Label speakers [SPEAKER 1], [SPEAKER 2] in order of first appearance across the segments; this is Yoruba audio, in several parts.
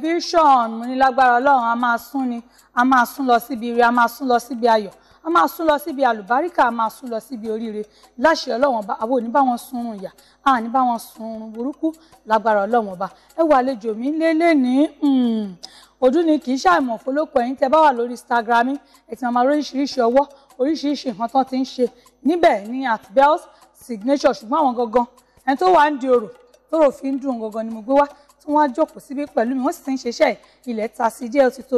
[SPEAKER 1] vision mo ní lágbára ọlọ́run a máa sún ni a máa sún lọ síbi ire a máa sún lọ síbi ayọ̀ a máa sún lọ síbi àlùbáríkà a máa sún lọ síbi oríire láṣẹ ọlọ́run ọba àwọn oníbá wọn sunrun ìyà a ní bá wọn sunrun burúkú lágbára ọlọ́run ọba ẹ wà àlejò mi lélẹ̀ ní ọdún hmm, ni kì í ṣàìmọ̀ fọlọ́kọ ẹ̀yin tẹ́ bá wà lórí Instagram ẹ̀ tí wọ́n máa lóríṣiríṣi ọwọ́ oríṣiríṣi nǹkan tán ti ń ṣe níbẹ̀ ní at bells signature ṣùgbọ́n àwọn gangan ẹni tó wà ń di òrò tó rò fi ń dùn gangan ni mo gbé wá tí wọ́n á jókòó síbí pẹ̀lú mi wọ́n sì ti ń ṣiṣẹ́ ilẹ̀ ta sí díẹ̀ ti tó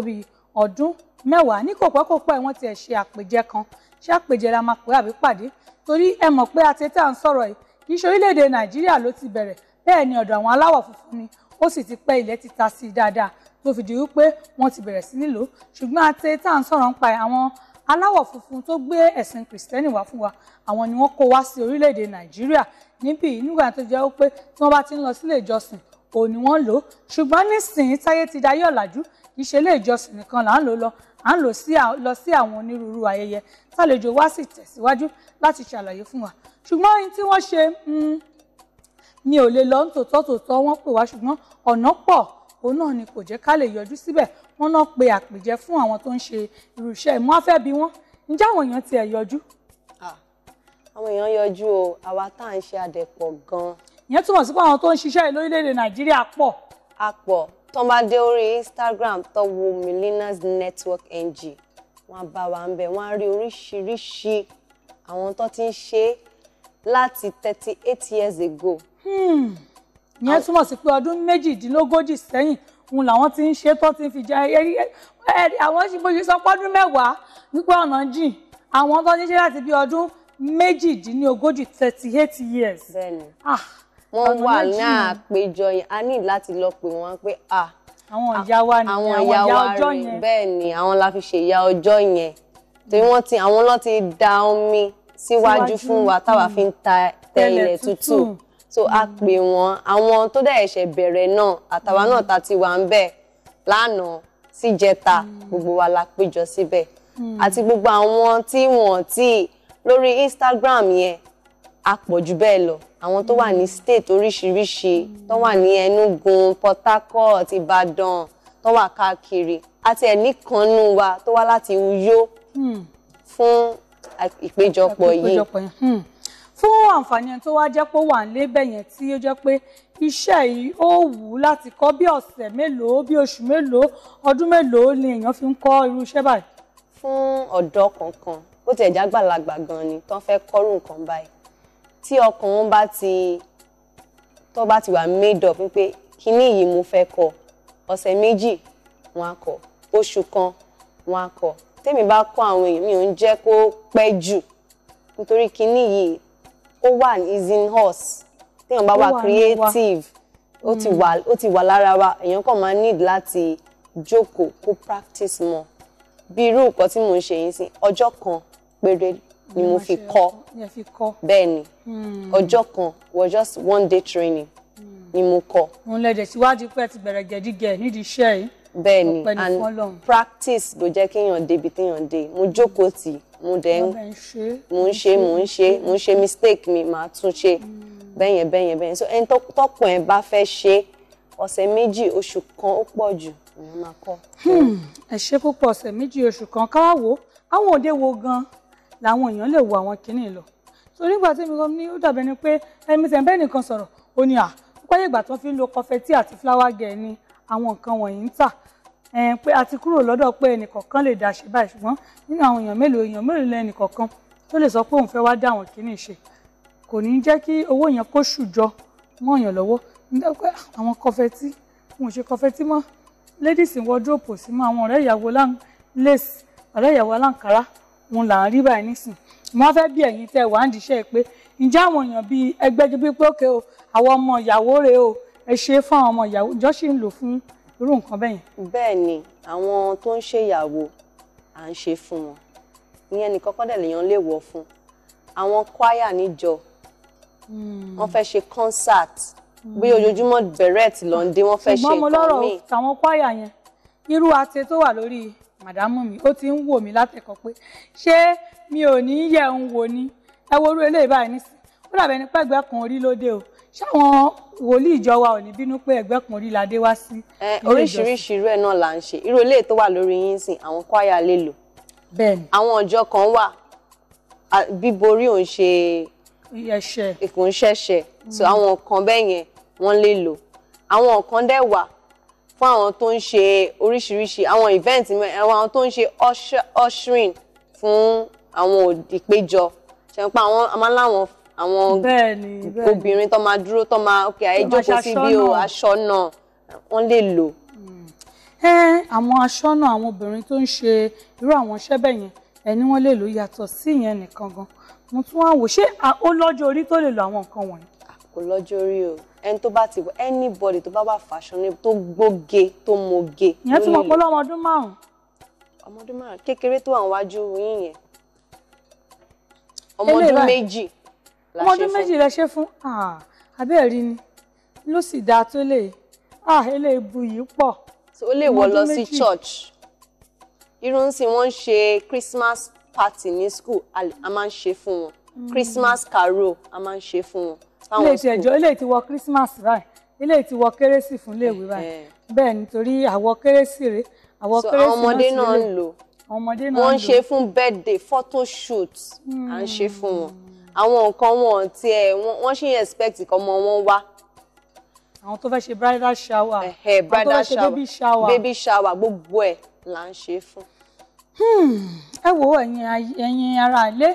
[SPEAKER 1] ọdún mẹ́wàá ní kò pẹ́ kò pẹ́ wọ́n tiẹ̀ ṣe àpèjẹ kan ṣé àpèjẹ la máa pè àbí pàdé torí ẹ mọ̀ pé àti tá à ń sọ̀rọ̀ yìí kì í ṣe orílẹ̀-èdè nàìjíríà ló ti bẹ̀rẹ̀ bẹ́ẹ̀ ni ọ̀dọ̀ àwọn aláwọ̀ funfun ni ó sì ti pẹ́ ilẹ̀ ti ta sí i dáadáa tó fi di wípé wọ́n ti bẹ̀rẹ̀ sí nílò ṣùgbọ́n àti tá à ń sọ̀rọ̀ ń pa àwọn aláwọ̀ funfun tó gbé ẹ̀sìn kìrìsìtẹ́nì wá fún wa àwọn ni wọ́n kó wá sí orílẹ̀-èdè nàìjíríà níbí nígbà tó jẹ́ pé tí wọ́n bá ti ń lọ sílé ìjọsìn òun ni wọ́n lò ṣùgbọ́n nísìnyí táyé ti dayé ọ̀làjú ìṣe ilé ìjọsìn nìkan là ń lò lọ à ń lọ sí àwọn onírúurú ayẹyẹ tàlejò wa sì tẹ̀síwájú láti ṣàlàyé fún wa ṣùgbọ́n ohun tí wọ́n ṣe hmm, mi ò lè lọ nítòótọ́ tòótọ́ wọ́n pè wá ṣùgbọ́n ọ̀nà pọ̀ òun náà ni kò jẹ́ ká lè yọjú síbẹ̀ wọ́n náà pe àpèjẹ fún àwọn tó ń ṣe irú iṣẹ́ ìmú afẹ́ bí wọ́n ǹjẹ́ àwọn èèyàn tiẹ̀ yọjú.
[SPEAKER 2] àwọn èèyàn yọjú o àwa tá à ń ṣe adẹ̀pọ̀ gan-an ìyẹn túmọ̀ sí pé àwọn tó ń ṣiṣẹ́ yìí lórílẹ̀‐èdè nàìjíríà pọ̀. a pọ̀ tó bá dé orí instagram tó wo millennials network ng wọ́n bá wa ń bẹ̀ wọ́n á rí oríṣiríṣi àwọn tó ti ń ṣe láti thirty eight years ago. Hmm. ìyẹn túmọ̀ sí pé ọdún méjìdínlógójì sẹ́yìn òun
[SPEAKER 1] làwọn ti ń ṣe tó ti fi jẹ àwọn ìbòjì sọ pọ́dún mẹ́wàá nípa ọ̀nà
[SPEAKER 2] jìn àwọn tó ti ń ṣe láti bí ọdún méjìdínlógójì thirty eight years. bẹ́ẹ̀ni. ah wọ́n wà ní àpéjọ yẹn a ní láti lọ pè wọ́n pé ah àwọn ìyá wa ni àwọn ìyá ọjọ́ yẹn bẹ́ẹ̀ ni àwọn la fi ṣe ìyá ọjọ́ yẹn torí wọ́n ti àwọn lọ́ọ́ ti da omi síwájú fún wa táwa fi ń ta tẹ̀lẹ̀ tútù so a mm. pè wọ́n àwọn tó dẹ̀ ẹ̀ṣẹ̀ bẹ̀rẹ̀ náà àtàwa náà mm. ta ti wà ń bẹ̀ lánàá síjẹta mm. gbogbo wa la péjọ síbẹ̀ àti gbogbo àwọn tí wọ́n ti lórí Instagram yẹn a pọ̀ jù bẹ́ẹ̀ lọ àwọn tó wà ní state oríṣiríṣi tó wà ní Enugu Port Harcourt Ìbàdàn tó wà káàkiri àti ẹ̀ níkanú wa tó wá láti Uyo hmm. fún ìpéjọpọ̀ yìí hmm. fún àǹfààní ẹni tó wá jẹ́ pé ó
[SPEAKER 1] wà nílé bẹ̀yẹn tí ó jẹ́ pé iṣẹ́ yìí ó wù ú láti kọ́ bí ọ̀sẹ̀ mélòó bí
[SPEAKER 2] oṣù mélòó ọdún mélòó ni
[SPEAKER 1] èèyàn fi ń kọ́ irú iṣẹ́ báyìí.
[SPEAKER 2] fún ọ̀dọ́ kankan bó tiẹ̀ jágbàlagbà gan ni tán fẹ́ kọ́rù nǹkan báyìí tí ọkàn wọn bá ti tó bá ti wà made up wípé kíní yìí mo fẹ́ kọ ọ̀sẹ̀ méjì wọn á kọ oṣù kan wọn á kọ tèmi bá kọ àwọn èèyàn mi ò ń jẹ́ kó pẹ́ jù nítorí kíní yìí ó wà easy horse téèyàn bá wà creative ó ti wà hmm. ó ti wà lára wa èèyàn kàn máa need láti jókòó kó practice mọ́ bí irú nǹkan tí mò ń ṣe yìí sí ọjọ́ kan péré ni mo fi kọ́ bẹ́ẹ̀ ni
[SPEAKER 1] hmm. ọjọ́
[SPEAKER 2] kan was just one day training hmm. ni mo kọ́. òun lẹ́dẹ̀ síwájú pé ti bẹ̀rẹ̀ gẹ̀dígẹ̀ nídìí iṣẹ́ yìí. bẹ́ẹ̀ ni and practice ló jẹ́ kéèyàn débi téèyàn dé mo jókòó tì mo dẹ̀ ń mo ń ṣe mo ń ṣe mo ń ṣe mistake mi màá tún ṣe hmm. bẹ́yẹn bẹ́yẹn bẹ́yẹn so ẹni tọ́pọ̀ ẹ̀ bá fẹ́ ṣe ọ̀sẹ̀ méjì oṣù kan ó pọ̀ jù òun máa kọ́. ẹ ṣe púpọ̀ ọ̀sẹ̀ méjì oṣù kan káwá àwọn òde wo
[SPEAKER 1] gan-an làwọn èèyàn lè wo àwọn kinní lọ torí ìgbà tí mi kọ́ ní ó dàbẹ̀ ni pé ẹ̀mí tẹ̀m̀bẹ́ nìkan sọ̀rọ̀ ó ní à pẹ́yẹ ìgbà tó fi ń lo kọfẹtì àti fúláwá gẹ̀ ni àwọn nǹkan wọ̀nyí ń tà pé a ti kúrò lọ́dọ̀ pé ẹnìkọ̀ọ̀kan lè dá ṣe báyìí ṣùgbọ́n nínú àwọn èèyàn mélòó èèyàn mélòó lẹ́nìkọ̀ọ̀kan tó lè sọ pé òun fẹ́ wá dá àwọn kinní ṣe kò ní jẹ́ kí owó yẹn kó ṣùjọ mọ́ èèyàn lọ́wọ́ nígbàgbé àwọn kọfẹtì wọn ṣe kọfẹtì mọ́ ladies in wardrobe sí mọ́ àwọn ọ̀rẹ́ ìyàwó láǹ lace ọ̀rẹ́ ìyàwó aláǹkárá òun là ń rí báyìí nísìn mo fẹ́ bí ẹ̀yin tẹ́ wà ń díṣẹ́ pé ǹjẹ́ àwọn èèyàn bíi ẹgbẹ́jú bíi pé òkè o àwọn ọmọ ìyàwó rèé o ẹ ṣe fún àwọn ọmọ ìyàwó ìjọ sì ń lò fún irú nǹkan
[SPEAKER 2] bẹ́ẹ̀ yẹn. ni àwọn tó ń ṣe ìyàwó à ń ṣe fún wọn ìyẹn nìkan kọ́ dẹ̀ lèèyàn lè wọ̀ fún àwọn kwaya níjọ hmm. wọ́n fẹ́ ṣe concert bí hmm. ojoojúmọ́ bẹ̀rẹ̀ tí lọ́ndé wọ́n fẹ́ ṣe nǹkan ṣùgbọ́n mo lọ́rọ̀ tàwọn
[SPEAKER 1] kwaya yẹn irú àtẹ tó wà lórí màdámù mi ó ti ń wò mí látẹ̀kọ́ pé ṣé mi ò ní yẹ̀ ń wò ni ẹ wo orú eléyìí báyìí nísìn ó dàbẹ̀ ní pẹ́gbẹ́ kan orí lóde o ṣáwọn wòlíì ìjọ wa ò ní bínú pé ẹgbẹ́ kan orí la dé wá sí. oríṣiríṣi
[SPEAKER 2] irú ẹ̀ náà là ń ṣe irú eléyìí tó wà lórí yín sìn àwọn kwaya lè lò àwọn ọjọ́ kan wà bíborí ò ń ṣe ẹ̀ṣẹ̀ so àwọn kan bẹ́ẹ̀ yẹn wọ́n lè lò àwọn kan dẹ̀ wà fún àwọn tó ń ṣe oríṣiríṣi àwọn event àwọn tó ń ṣe ushering fún àwọn ìpéjọ ṣe ń pa àwọn amáláwọn àwọn obìnrin tó máa dúró tó máa ok àìjókòó sí bí o aṣọ náà wọ́n lè lò. Hmm.
[SPEAKER 1] ẹ àwọn aṣọ náà àwọn obìnrin tó ń ṣe irú àwọn iṣẹ́ bẹ́ẹ̀ yẹn ẹni wọ́n lè lò yàtọ̀ sí ìyẹn nìkan gan mo tún wá wò ṣé ó lọ́jọ́ orí tó lè lo àwọn nǹkan wọ̀nyí
[SPEAKER 2] kò lọ́jọ́ orí o ẹni tó bá ti wọ anybody tó bá wà fashionable tó gbóge tó moge. ìyẹn ti mọ̀ pé
[SPEAKER 1] ọlọ́mọ ọdún márùn-ún.
[SPEAKER 2] ọmọ ọdún márùn-ún kékeré tó wà níwájú yín yẹn ọmọ ọdún méjì ọmọ ọdún méjì lẹ ṣe
[SPEAKER 1] fún abẹ́ẹ̀rí ni ló sì dáa tó lè eléyìí bu yìí pọ̀. ó lè wọ lọ sí church
[SPEAKER 2] irun sì wọ́n ń ṣe Christmas party ní school a máa ń ṣe fún wọn mm. Christmas carol a máa ń ṣe fún wọn ilé ti ẹjọ
[SPEAKER 1] ilé ti Christmas báyìí ilé ti wọ kérésì fún iléèwé báyìí bẹ́ẹ̀ nítorí
[SPEAKER 2] àwọ kérésì rè àwọ kérésì náà ti lè àwọn ọmọdé náà ń lò
[SPEAKER 1] ọmọdé náà ń lò wọ́n ṣe
[SPEAKER 2] fún birthday photoshoot à ń ṣe fún wọn àwọn nǹkan wọn tiẹ̀ wọ́n ṣì ń expect ìkọmọ wọn wá àwọn tó fẹ́ ṣe bridal shower ẹ̀hẹ̀ bridal shower baby shower baby shower gbogbo ẹ̀ là ń ṣe fún.
[SPEAKER 1] Hmm, ẹ wo ẹ̀yin ara ilé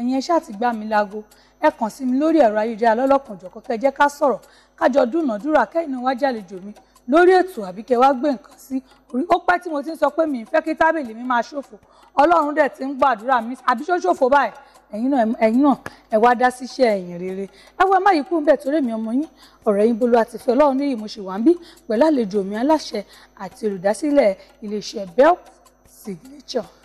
[SPEAKER 1] ẹ̀yin ẹ ṣáà ti gbá mi láago ẹ kàn sí mi lórí ẹ̀rọ ayélujára lọ́lọ́kanjọ̀kan kẹ́ jẹ́ ká sọ̀rọ̀ kájọ dúnàádúrà kẹ́yìn náà wá jàlejò mi lórí ètò àbí kẹ́ wá gbé nǹkan sí orí ó pẹ́ tí mo ti ń sọ pé mi ń fẹ́ kí tábìlì mi máa ṣòfò ọlọ́run dẹ̀ ti ń gbàdúrà mi àbí ṣó ṣòfò báyìí ẹ̀yin náà ẹ̀yin náà ẹ wá dá síṣẹ́ ẹ̀yìn rere ẹ wá má yìí kú bẹ́ẹ̀ torí mi ọmọ yín ọ̀rẹ́ yín bolo àtìfẹ́ ọlọ́run níyì mo ṣì wà ń bí pẹ̀lú àlejò mi aláṣẹ àti olùdásílẹ̀ iléeṣẹ́ bell signature.